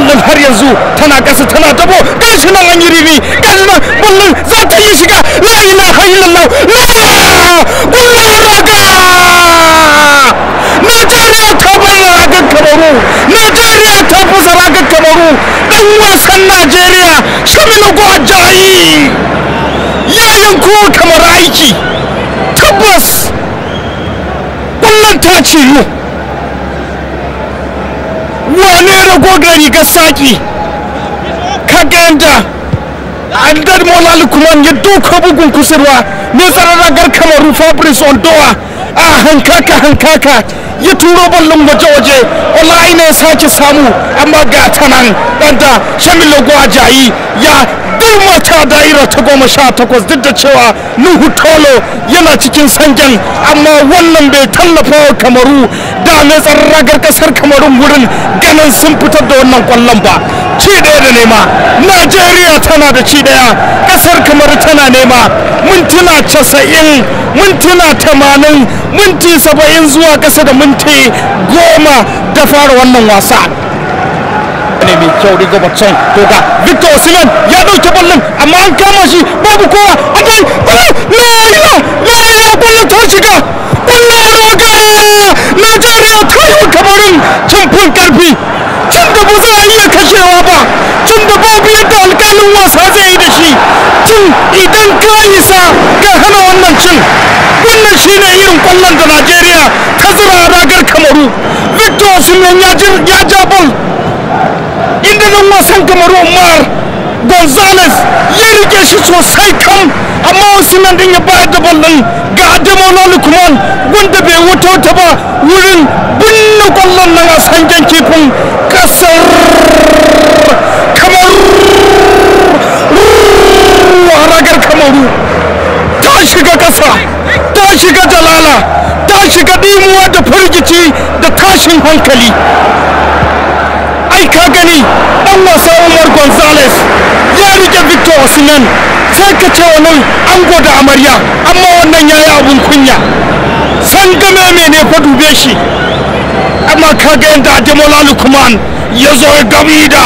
nan har yanzu tana kasa tana tabo gashi nan an yi ribi gashi nan ballon za ta yi shiga la ilaha illallah la kullu raga Najeriya ta bayyana ragar Kamaru Najeriya ta fusa ragar Kamaru dan wasan Najeriya Shamilu ya yanko kamar aiki tabbas ballon ta ciyu wane rago gari ga saki ka ganda adad mola lukman ya doka bugun kusurwa ne ragar kamaru fabrice ondoa a hankaka hankaka ya turo ballon waje-waje wallahi ne sake samu amma ga ta nan ɗanta shamilu ajayi ya mata da'ira ta goma sha takwas duk da cewa nuhu tolo yana cikin sangen amma wannan bai tallafa wa kamaru da ne ragar kasar kamarun wurin ganin sun fitar da wannan kwallon ba ci ɗaya da nema najeriya tana da ci ɗaya ƙasar kamar tana nema mintuna casa'in mintuna tamanin minti saba'in zuwa ƙasa da minti goma da fara wannan wasa ne mai kyau riga bacon koga victor osimhen ya ɗauke ballon amma an kama shi babu kowa akwai kuma na yau na ya ballon ta shiga ya raga najeriya ta yi kamarin cin fin karfi cin da ba za a iya kashewa kullum wasa zai yi da shi cin idan ka isa ka hana wannan cin wannan shi ne irin kwallon da najeriya ta zira ragar kamaru victor osimhen ya ja bol inda nan wasan kamaru umar gonzales ya rike shi sosai kan amma osimhen din ya bayar da bol din ga adamu wanda bai wuta ta ba wurin binne kwallon nan a sangen kifin shiga kasa ta shiga dalala ta shiga dimuwa da firgici da tashin hankali ai ka gani dan wasa umar gonzales ya rike victor osman sai ka ce wani an gwada amarya amma wannan ya yi abun kunya san game mene fa dube shi amma ka ga yadda ademola lukman ya zo ya gami da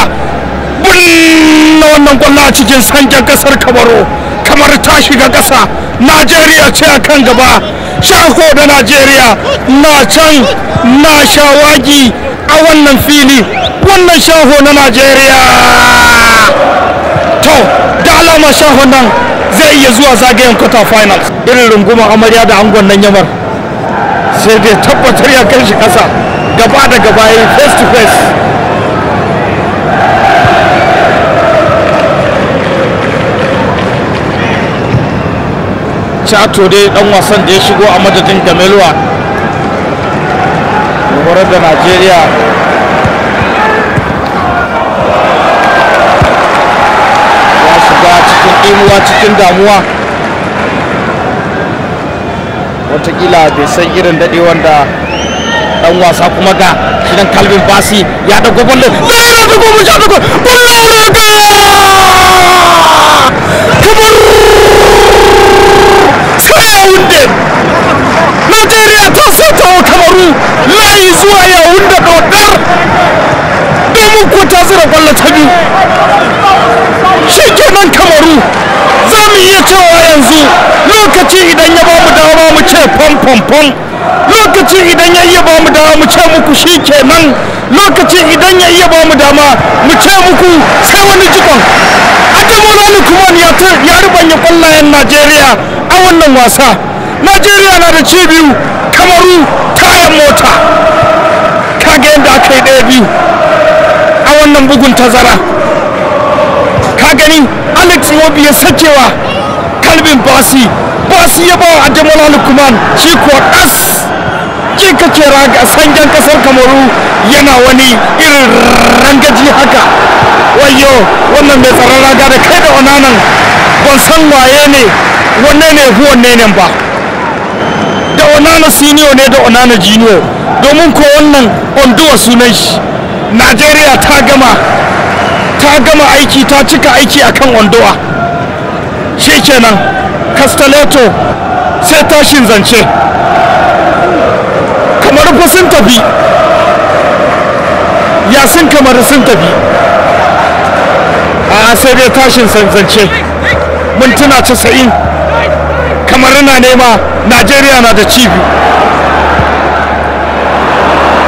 bunna wannan gwalla a cikin sanjan kasar kabaro kamar ta shiga ƙasa najeriya ce a kan gaba shaho da najeriya na can na shawagi a wannan fili wannan shaho na najeriya to da alama shaho nan zai iya zuwa zagayen quarter finals irin runguma amarya da angon nan yamar sai dai tabbatar ya kai shi ƙasa gaba da gaba face to face chato dai dan wasan da ya shigo a madadin gamelwa horar da najeriya ya shiga cikin imuwa cikin damuwa watakila bai san irin daɗewan da dan wasa kuma ga shidan kalbin basi ya dago ballo ya dago mu sha kwallo ta biyu shi kenan kamaru za mu iya cewa yanzu lokaci idan ya ba mu dama mu ce fom lokaci idan ya iya ba mu dama mu ce muku shi kenan lokaci idan ya iya ba mu dama mu ce muku sai wani jikon ajamurani kuma ya rubanya kwallayen najeriya a wannan wasa najeriya na da ci biyu kamaru tayan mota kaga yadda aka yi ɗaya biyu wannan bugun tazara ka gani alex mobi ya sakewa kalbin basi basi ya bawa adamal alkuman shi kuwa ɗas ki kake raga sangen kasar kamaru yana wani irin rangaji haka wayo wannan mai tsaron raga da kai da wananan ban san waye ne wanne ne huwa ne ba da onana senior ne da onana junior domin ko wannan onduwa sunan shi najeriya ta gama ta gama aiki ta cika aiki a kan ondowa kenan castelletto sai tashin zance kamar fa sun tafi ya sun kamar sun tafi a sai dai tashin zance mintuna 90 kamar na nema najeriya na da cibi